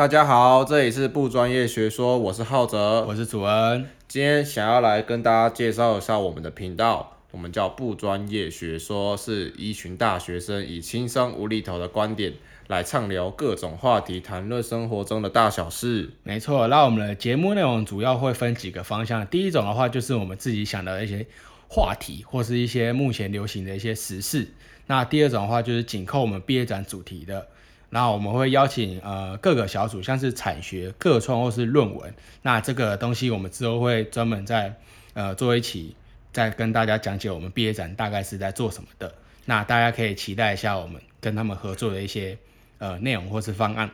大家好，這裡是不專業學說，我是浩哲，我是楚恩，今天想要來跟大家介紹一下我們的頻道，我們叫不專業學說，是一群大學生以輕鬆無厘頭的觀點來暢聊各種話題，談論生活中的大小事。沒錯，那我們的節目內容主要會分幾個方向，第一種的話就是我們自己想的一些話題，或是一些目前流行的一些時事。那第二種的話就是緊扣我們畢業展主題的。那我們會邀請呃各個小組，像是產學、各創或是論文。那這個東西我們之後會專門在呃做一期，再跟大家講解我們畢業展大概是在做什麼的。那大家可以期待一下我們跟他們合作的一些呃內容或是方案。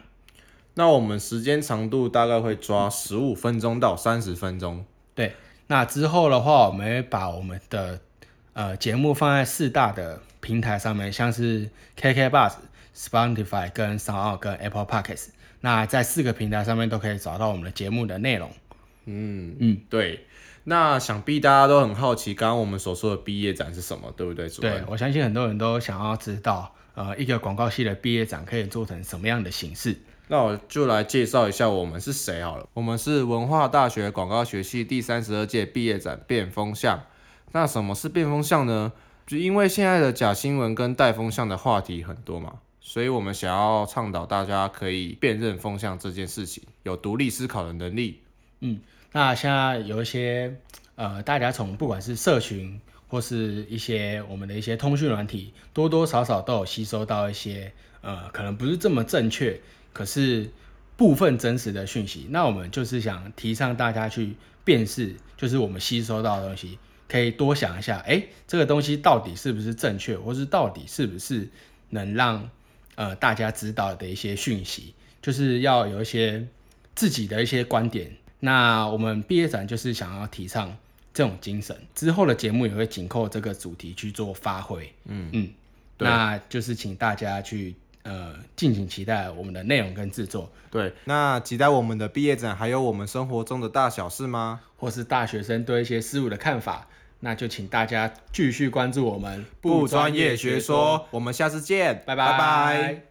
那我們時間長度大概會抓十五分鐘到三十分鐘。對，那之後的話，我們會把我們的呃節目放在四大的平台上面，像是 KKBus。Spotify、跟 SoundOn、跟 Apple Podcasts，那在四個平台上面都可以找到我們的節目的內容。嗯嗯，對。那想必大家都很好奇，剛剛我們所說的畢業展是什麼，對不對？對，我相信很多人都想要知道，呃，一個廣告系的畢業展可以做成什麼樣的形式。那我就來介紹一下我們是誰好了。我們是文化大學廣告學系第三十二屆畢業展辨風向。那什麼是辨風向呢？就因為現在的假新聞跟帶風向的話題很多嘛。所以，我們想要倡導大家可以辨認風向這件事情，有獨立思考的能力。嗯，那現在有一些，呃，大家從不管是社群或是一些我們的一些通訊軟體，多多少少都有吸收到一些，呃，可能不是這麼正確，可是部分真實的訊息。那我們就是想提倡大家去辨識，就是我們吸收到的東西，可以多想一下，哎、欸，這個東西到底是不是正確，或是到底是不是能讓。呃，大家知道的一些訊息，就是要有一些自己的一些觀點。那我們畢業展就是想要提倡這種精神，之後的節目也會緊扣這個主題去做發揮。嗯嗯，那就是請大家去呃，敬請期待我們的內容跟制作。對，那期待我們的畢業展，還有我們生活中的大小事嗎？或是大學生對一些事物的看法。那就請大家繼續關注我們不專業學說，學說我們下次見，拜拜。拜拜。